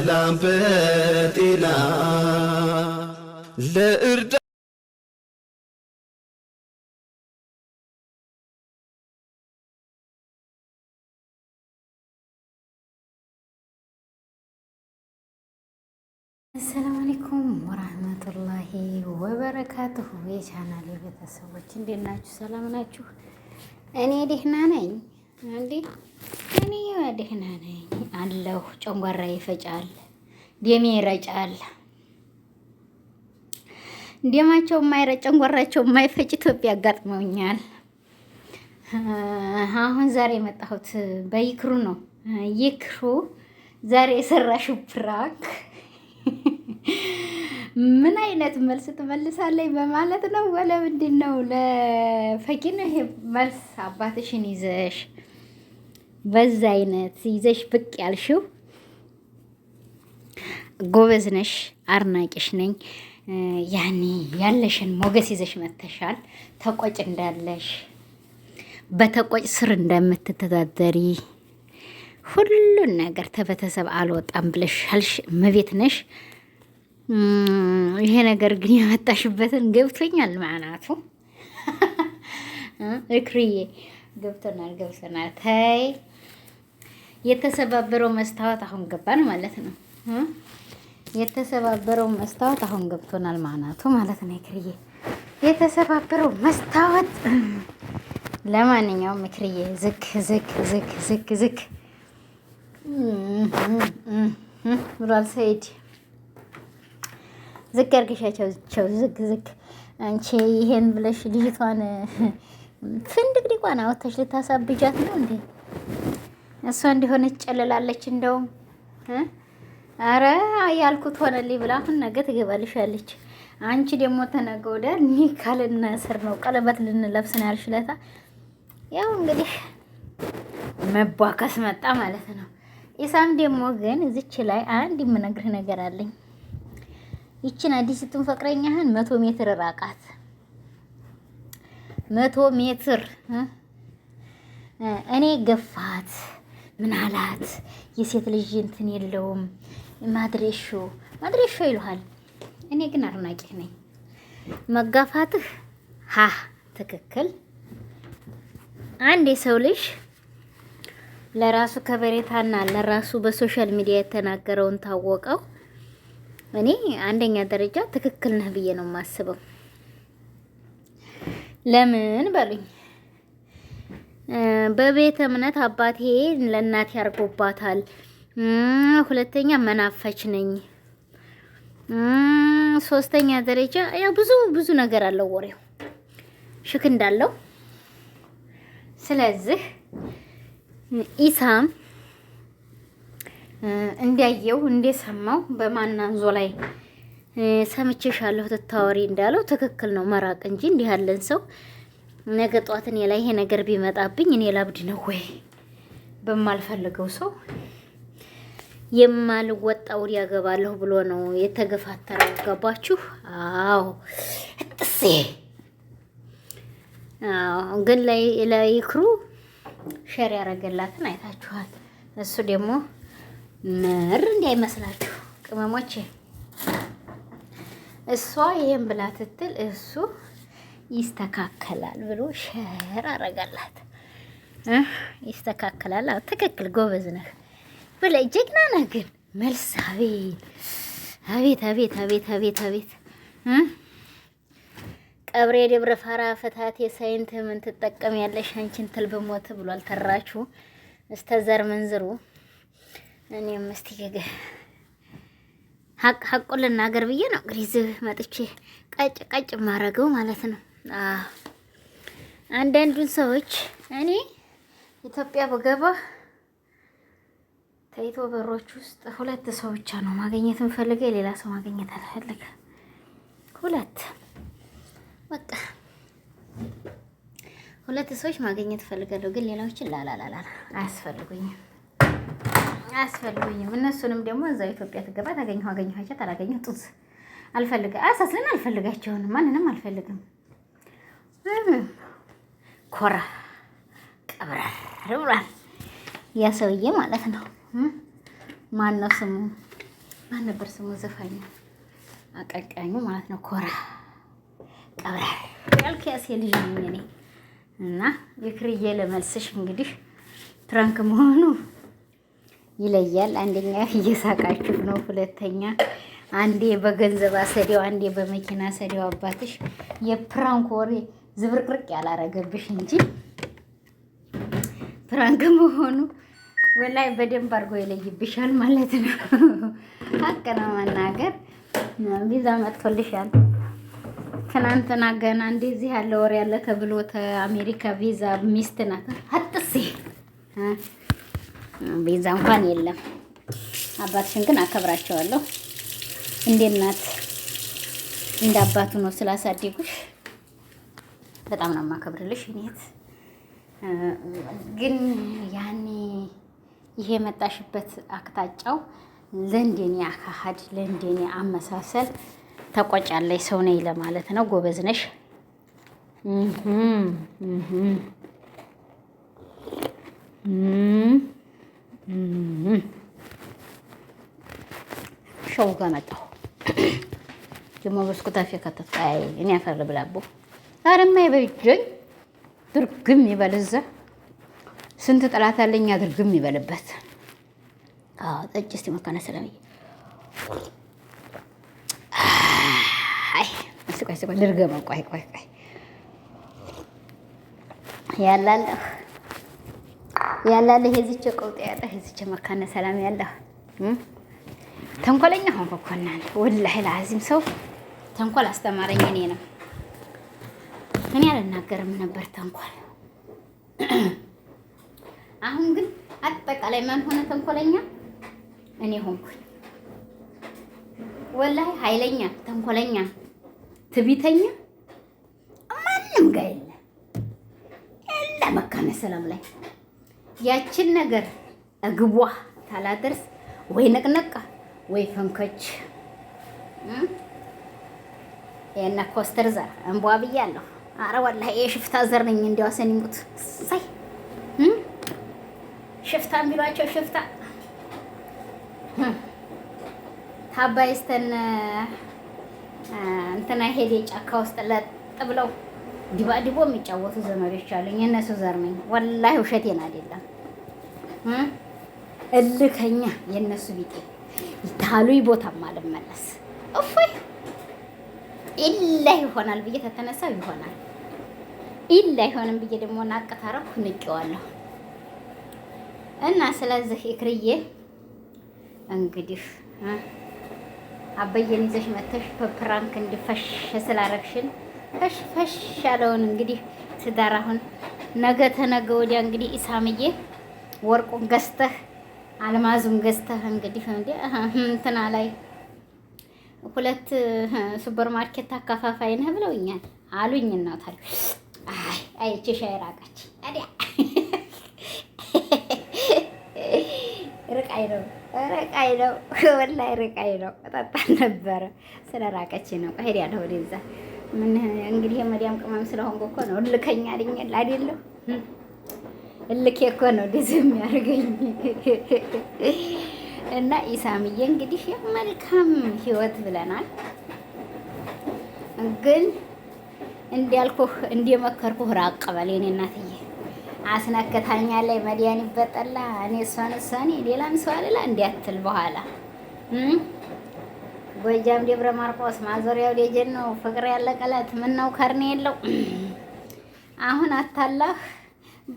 በሰላም በጤና ለእርዳ አሰላሙ አለይኩም ወራህመቱላሂ ወበረካቱሁ። የቻናል የቤተሰቦች እንዴት ናችሁ? ሰላም ናችሁ? እኔ ደህና ነኝ። እንዴ እኔ ደህና ነኝ አለሁ። ጨንጓራ ይፈጫል፣ ደሜ ይረጫል። ደማቸው የማይረጭ ጨንጓራቸው የማይፈጭ ኢትዮጵያ አጋጥመውኛል። አሁን ዛሬ የመጣሁት በይክሩ ነው። ይክሩ ዛሬ የሰራሽ ፕራክ ምን አይነት መልስ ትመልሳለች በማለት ነው። ወለምንድን ነው ለፈኪን ይሄ መልስ አባትሽን ይዘሽ በዛ አይነት ይዘሽ ብቅ ያልሽው ጎበዝ ነሽ፣ አድናቂሽ ነኝ። ያኔ ያለሽን ሞገስ ይዘሽ መተሻል። ተቆጭ እንዳለሽ በተቆጭ ስር እንደምትተዳደሪ ሁሉን ነገር ተበተሰብ አልወጣም ብለሽ ያልሽ መቤት ነሽ። ይሄ ነገር ግን የመጣሽበትን ገብቶኛል። ማናቱ እክርዬ ገብቶናል፣ ገብቶናል። ተይ የተሰባበረው መስታወት አሁን ገባን ማለት ነው። የተሰባበረው መስታወት አሁን ገብቶናል ማናቱ ማለት ነው። ይክርዬ የተሰባበረው መስታወት ለማንኛውም ምክርዬ ዝክ ዝክ ዝክ ዝክ ዝክ ብሏል ሰይድ። ዝቅ ቸው ዝክ ዝክ። አንቺ ይሄን ብለሽ ልጅቷን ፍንድቅዲቋን አወተሽ ልታሳብጃት ነው እንዴ? እሷ እንዲሆነች ጨልላለች። እንደውም አረ ያልኩት ሆነልኝ ብላ አሁን ነገ ትገባልሻለች። አንቺ ደግሞ ተነገ ወዲያ ኒካ ልናስር ነው ቀለበት ልንለብስ ነው ያልሽለታ። ያው እንግዲህ መቧከስ መጣ ማለት ነው። ኢሳም ደግሞ ግን እዚች ላይ አንድ የምነግርህ ነገር አለኝ። ይችን አዲስቱን ፈቅረኛህን መቶ ሜትር ራቃት። መቶ ሜትር እኔ ገፋ ምናላት የሴት ልጅ እንትን የለውም ማድሬሾ ማድሬሾ ይሉሃል። እኔ ግን አድናቂህ ነኝ። መጋፋትህ ሀ ትክክል። አንድ የሰው ልጅ ለራሱ ከበሬታና ለራሱ በሶሻል ሚዲያ የተናገረውን ታወቀው፣ እኔ አንደኛ ደረጃ ትክክል ነህ ብዬ ነው የማስበው። ለምን በሉኝ በቤተ እምነት አባቴ ለእናቴ ያርጎባታል። ሁለተኛ መናፈች ነኝ። ሶስተኛ ደረጃ ያው ብዙ ብዙ ነገር አለው ወሬው ሽክ እንዳለው። ስለዚህ ኢሳም እንዲያየው እንደሰማው በማናንዞ ላይ ሰምቼሻለሁ ትታወሪ እንዳለው ትክክል ነው። መራቅ እንጂ እንዲህ ያለን ሰው ነገ ጧት እኔ ላይ ይሄ ነገር ቢመጣብኝ እኔ ላብድ ነው ወይ? በማልፈልገው ሰው የማልወጣው ያገባለሁ ብሎ ነው የተገፋተረው። ገባችሁ? አዎ እጥሴ አዎ። ግን ክሩ ሸር ያደረገላትን አይታችኋል። እሱ ደግሞ ምር እንዳይመስላችሁ ቅመሞቼ፣ እሷ ይሄን ብላ ትትል እሱ ይስተካከላል ብሎ ሸር አረጋላት። ይስተካከላል። አዎ ትክክል፣ ጎበዝ ነህ ብለ ጀግና ነህ። ግን መልስ አቤት አቤት አቤት አቤት አቤት አቤት ቀብሬ ደብረ ፋራ ፈታት ሳይንት ምን ትጠቀም ያለሽ አንቺን ትል በሞት ብሏል። ተራችሁ እስተ ዘር መንዝሩ። እኔም እስቲ ሀቅ ሀቁን ልናገር ብዬ ነው እንግዲህ ዝህ መጥቼ ቀጭ ቀጭ ማረገው ማለት ነው። አንዳንዱን ሰዎች እኔ ኢትዮጵያ በገባ ከኢትዮ በሮች ውስጥ ሁለት ሰው ብቻ ነው ማግኘት እንፈልገ ሌላ ሰው ማግኘት አልፈልገ። ሁለት በቃ ሁለት ሰዎች ማግኘት እፈልጋለሁ፣ ግን ሌላዎችን ላላላላ አያስፈልጉኝም አያስፈልጉኝም። እነሱንም ደግሞ እዛው ኢትዮጵያ ትገባ ታገኘሁ አገኘኋቸው አላገኘሁ ጡዝ አልፈልገ አያሳስለን አልፈልጋቸውንም ማንንም አልፈልግም። ኮራ ቀብረር ብሏል ያ ሰውዬ ማለት ነው። ማን ነው ስሙ? ማን ነበር ስሙ? ዘፋኙ አቀንቃኙ ማለት ነው። ኮራ ቀብረር ያልክ ያሴ ልጅ ነኝ እኔ እና የክርዬ ለመልስሽ እንግዲህ ፕራንክ መሆኑ ይለያል። አንደኛ እየሳቃችሁ ነው፣ ሁለተኛ አንዴ በገንዘብ አሰዲያው፣ አንዴ በመኪና አሰዲያው አባትሽ የፕራንክ ወሬ ዝብርቅርቅ ያላረገብሽ እንጂ ፕራንክ መሆኑ ወላይ በደንብ አድርጎ ይለይብሻል ማለት ነው። ሀቅ ነው መናገር። ቪዛ መጥቶልሻል። ትናንትና ገና እንደዚህ ያለ ወር ያለ ተብሎ አሜሪካ ቪዛ ሚስት ናት አጥሲ ቪዛ እንኳን የለም። አባትሽን ግን አከብራቸዋለሁ። እንደ እናት እንደ አባቱ ነው ስላሳደጉሽ። በጣም ነው የማከብርልሽ እኔት ግን ያኔ ይሄ የመጣሽበት አቅጣጫው ለእንደኔ አካሃድ ለእንደኔ አመሳሰል ተቆጫለሽ ሰው ነይ ለማለት ነው። ጎበዝ ነሽ። ሸው ጋር መጣሁ ደግሞ በስኩታፌ ከተትቃያይ እኔ አፈር ልብላቦ አረማ ይበጀኝ ድርግም ይበል። እዛ ስንት ጠላት አለኝ ድርግም ይበልበት። አዎ ጠጭ እስቲ መካነ ሰላምዬ አይ ስቆይ ስቆይ ልርገማ ቆይ ቆይ ቆይ ያላለህ ያላለህ የዚች ቀውጤ ያለህ የዚች መካነ ሰላም ያለህ ተንኮለኛ ሆንክ እኮ እናንተ ወላሂ ለአዚም ሰው ተንኮል አስተማረኝ እኔ ነው። እኔ አልናገርም ነበር ተንኮል። አሁን ግን አጠቃላይ ማን ሆነ ተንኮለኛ? እኔ ሆንኩኝ። ወላሂ ኃይለኛ፣ ተንኮለኛ፣ ትቢተኛ ማንም ጋር የለ የለ መካነ ሰላም ላይ ያችን ነገር እግቧ ታላደርስ ወይ ነቅነቃ ወይ ፈንከች የነ ኮስተር ዘር እንቧ ብያለሁ። አረ ወላሂ የሽፍታ ዘር ነኝ። እንዲያው ሰኒሙት ሳይ ሽፍታ ቢሏቸው ሽፍታ ታባይ እንትና ሄዴ ጫካ ውስጥ ለጥ ብለው ዲባዲቦ የሚጫወቱ ዘመዶች አሉኝ። የእነሱ ዘር ነኝ ወላሂ፣ ውሸቴን አይደለም። እልከኛ የእነሱ ቢጤ ይታሉኝ ቦታም አልመለስ እፎይ ኢላህ ይሆናል ብዬ ተተነሳው ይሆናል ኢል አይሆንም ብዬ ደግሞ ናቅት ንቄዋለሁ። እና ስለዚህ እክርዬ እንግዲህ አበየን ይዘሽ መተሽ በፕራንክ እንድፈሽ ስላረግሽን ፈሽ ፈሽ ያለውን እንግዲህ ትዳር አሁን ነገ ተነገ ወዲያ እንግዲህ ኢሳምዬ ወርቁን ገዝተህ አልማዙን ገዝተህ እንግዲህ እንደ እንትና ላይ ሁለት ሱፐርማርኬት አካፋፋይ ነህ ብለውኛል አሉኝ እናታል አይ አይቼ ሻይ ራቀች። ርቃይ ነው ርቃይ ነው ወላሂ ርቃይ ነው። ጠጣ ነበረ ስለራቀች ነው እሄዳለሁ ወደዛ። ምን እንግዲህ የመዲያም ቅመም ስለሆንኩ እኮ ነው እልከኛ አለኛል አይደለሁ እልኬ እኮ ነው ደስ የሚያደርገኝ። እና ኢሳምዬ እንግዲህ መልካም ህይወት ብለናል ግን እንዲያልኩህ እንደመከርኩህ ራቅ በል የእኔ እናትዬ። አስነክታኛ ላይ መዲያን ይበጠላ እኔ እሷን እሷን ሌላም ሰው አልላ እንዲያትል በኋላ ጎጃም ደብረ ማርቆስ ማዞሪያው ደጀን ነው ፍቅር ያለቀለት ምን ነው ከርኔ የለው አሁን አታላህ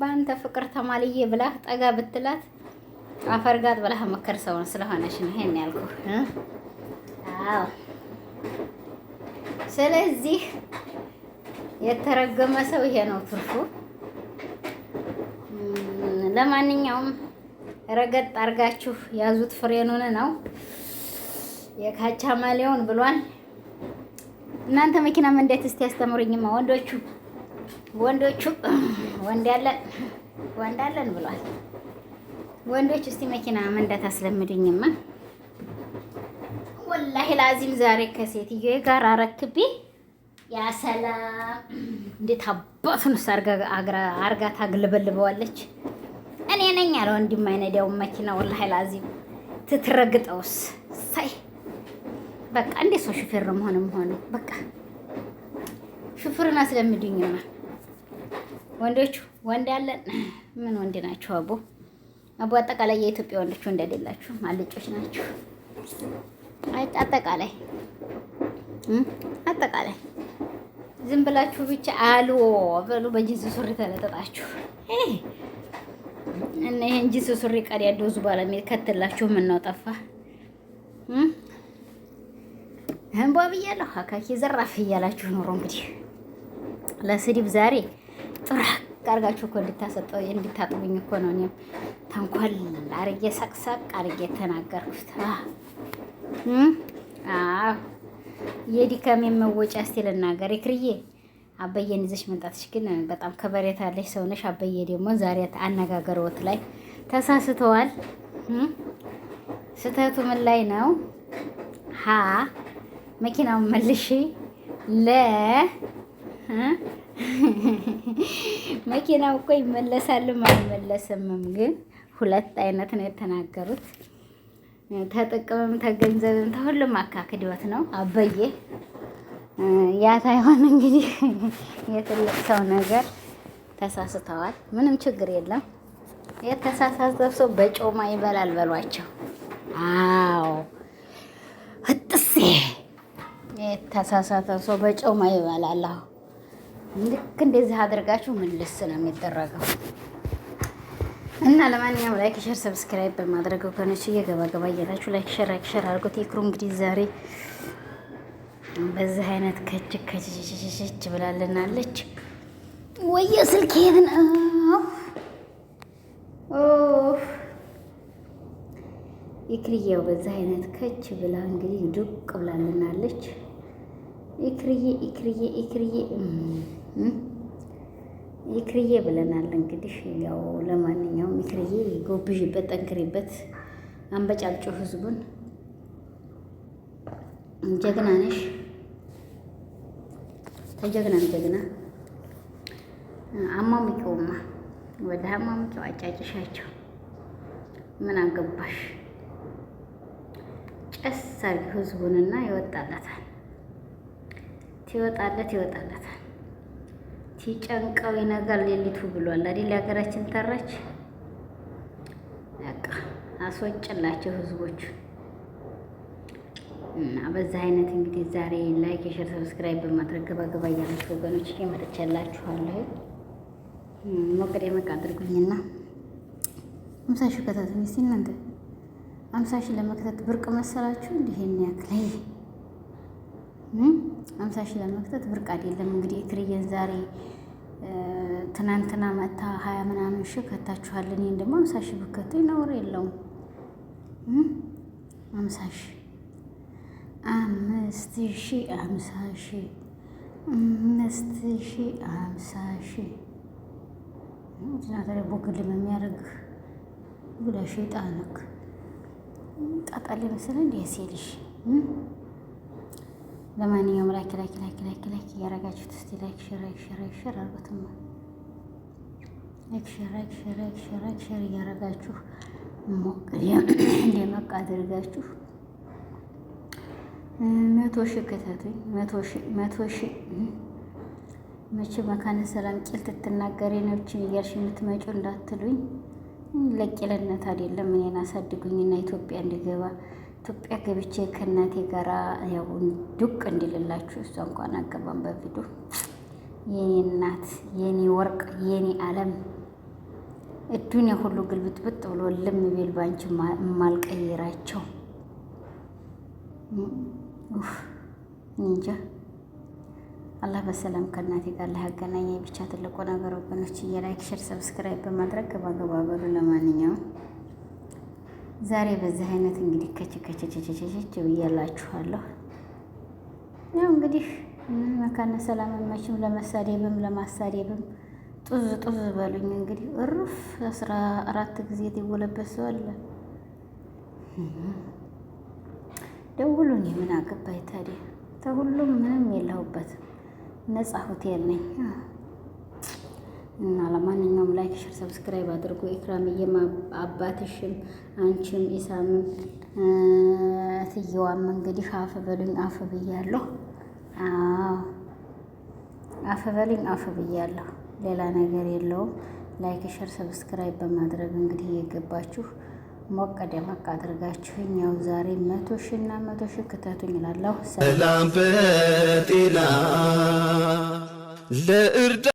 በአንተ ፍቅር ተማልዬ ብላህ ጠጋ ብትላት አፈርጋጥ ብላህ መከር ሰውን ስለሆነች ነው ይሄን ያልኩህ። አዎ ስለዚህ የተረገመ ሰው ይሄ ነው ትርፉ። ለማንኛውም ረገጥ አርጋችሁ ያዙት። ፍሬኑን ነው የካቻ ማሊያውን ብሏል። እናንተ መኪና እንዴት እስቲ ያስተምሩኝማ። ወንዶቹ ወንዶቹ ወንድ ያለን ወንድ አለን ብሏል። ወንዶች እስቲ መኪና መንዳት አስለምዱኝማ። ወላሂ ላዚም ዛሬ ከሴትዮ ጋር አረክቤ ያሰላ እንዴት አባቱን አርጋታ ግልበልበዋለች። እኔ ነኝ አለ ወንድም አይነዳው መኪና ወላሂ ላዚም ትትረግጠውስ ሳይ በቃ እንዴ ሰው ሹፌር በቃ አስለምዱኝ ይሆናል። ወንዶቹ ወንድ አለን ምን ወንድ ናቸው? አቦ አቦ አጠቃላይ የኢትዮጵያ ወንዶች ወንድ አይደላችሁ፣ አልጮች አጠቃላይ አጠቃላይ ዝም ብላችሁ ብቻ አሉ በሉ በጅንስ ሱሪ ተለጠጣችሁ እና ይሄን ጅንስ ሱሪ ቀድ ያለው ዙባላ የሚከትላችሁ ምን ነው ጠፋ? እንቧ ብያለሁ። አካኪ ዘራፍ እያላችሁ ኑሮ እንግዲህ ለስድብ ዛሬ ጥራ አርጋችሁ እኮ እንድታሰጠው እንድታጥቡኝ እኮ ነው። እኔም ተንኮል አርጌ ሳቅሳቅ አርጌ ተናገርኩት። አዎ የዲካም የመወጫ እስቲ ልናገር። ይክርዬ አበየን ይዘሽ መምጣትሽ ግን በጣም ከበሬት ያለሽ ሰው ነሽ። አበየ ደግሞ ዛሬ አነጋገርዎት ላይ ተሳስተዋል። ስህተቱ ምን ላይ ነው? ሀ መኪናው መልሽ ለ መኪናው እኮ ይመለሳልም አይመለስምም፣ ግን ሁለት አይነት ነው የተናገሩት። ተጠቅምም ተገንዘብም ተሁሉም አካክድወት ነው አበዬ። ያ ታይሆን እንግዲህ የትልቅ ሰው ነገር ተሳስተዋል። ምንም ችግር የለም። የተሳሳተ ሰው በጮማ ይበላል በሏቸው። አዎ እጥሴ የተሳሳተ ሰው በጮማ ይበላል። አሁ ልክ እንደዚህ አድርጋችሁ ምልስ ነው የሚደረገው። እና ለማንኛውም ላይክ ሸር ሰብስክራይብ በማድረግ ወገኖች እየገባ ገባ እያላችሁ ላይክ ሸር ላይክ ሸር አድርጎት ይክሩ። እንግዲህ ዛሬ በዚህ አይነት ከች ከች ብላለናለች። ወየ ስልክ የት ነው? ይክርዬው በዚህ አይነት ከች ብላ እንግዲህ ዱቅ ብላለናለች። ይክርዬ ይክርዬ ይክርዬ ይክርዬ ብለናል እንግዲህ ያው ለማንኛውም ፍቅርዬ ጎብዥበት፣ ጠንክሪበት፣ አንበጫብጩ ህዝቡን። ጀግና ነሽ፣ ተጀግናን ጀግና አሟሙቂውማ ወደ አሟሙቂው አጫጭሻቸው ምን አገባሽ? ጨስ ሰርግ ህዝቡንና ይወጣለታል፣ ትወጣለት ይወጣለታል። ቲጨንቀው ይነጋል ሌሊቱ ብሏል አይደል? ለሀገራችን ተራች በቃ አስወጭላቸው ህዝቦቹ እና በዛ አይነት እንግዲህ ዛሬ ላይክ፣ ሼር፣ ሰብስክራይብ በማድረግ ገባገባ እያላችሁ ወገኖች መጥቻላችኋለሁ። ሞቅዴ መቃ አድርጉኝና አምሳ ሺህ ከታት ሚስ እናንተ አምሳ ሺህ ለመክተት ብርቅ መሰላችሁ? እንዲህን ያክል አምሳ ሺህ ለመክተት ብርቅ አይደለም። እንግዲህ እክርየን ዛሬ ትናንትና መታ ሀያ ምናምን ሺህ ከታችኋለን። ይህን ደግሞ አምሳ ሺህ ብከቱ ነውር የለውም። አምሳ ሺህ አምስት ሺህ አምሳ ሺህ አምስት ሺህ አምሳ ሺህ ናተሪ ቦግልም የሚያደርግ ጉዳሽ ጣንክ ጣጣል ምስል እንዲ ሴልሽ ለማንኛውም ላኪ ላኪ ላኪ ላኪ ላኪ እያረጋችሁት እስቲ ላይክ ሽራይክ ሽራይክ ሽር አርጉትማ። ኤክሸር ሸር ሸር ሸር እያረጋችሁ እንደመቃ አድርጋችሁ መቶ ሺህ ክተቱኝ። መቶ ሺህ መቼ መካነ ሰላም ቂል ትትናገሪ ነብችን እያልሽ የምትመጪው እንዳትሉኝ። ለቂልነት አይደለም እኔን አሳድጉኝና ኢትዮጵያ እንዲገባ ኢትዮጵያ ገብቼ ከእናቴ ጋራ ያው ዱቅ እንዲልላችሁ። እሷ እንኳን አገባም በፊቱ የኔ እናት የኔ ወርቅ የኔ አለም። እዱንያ ሁሉ ግልብጥብጥ ብሎ ልም ቢል ባንቺ የማልቀይራቸው እንጃ። አላህ በሰላም ከእናቴ ጋር ላያገናኘ ብቻ ትልቁ ነገር ወገኖች፣ የላይክ ሸር፣ ሰብስክራይብ በማድረግ ገባገባ በሉ። ለማንኛውም ዛሬ በዚህ አይነት እንግዲህ ከች ከችከችችችችች ብያላችኋለሁ። ያው እንግዲህ መካነ ሰላም መችም ለመሳደብም ለማሳደብም ጡዝ ጡዝ በሉኝ እንግዲህ እሩፍ አስራ አራት ጊዜ የደወለበት ሰው አለ። ደውሉኝ ምን አገባኝ ታዲያ? ተሁሉም ምንም የለሁበትም ነጻ ሆቴል ነኝ። እና ለማንኛውም ላይክ፣ ሸር፣ ሰብስክራይብ አድርጎ ኢክራምዬም፣ አባትሽም፣ አንቺም፣ ኢሳምም ትየዋም እንግዲህ አፍ በሉኝ አፍ ብያለሁ። አዎ አፍ በሉኝ አፍ ብያለሁ። ሌላ ነገር የለውም። ላይክ፣ ሸር፣ ሰብስክራይብ በማድረግ እንግዲህ እየገባችሁ ሞቅ ደመቅ አድርጋችሁ እኛው ዛሬ መቶ ሺ እና መቶ ሺ ክተቱኝ እላለሁ። ሰላም በጤና ለእርዳ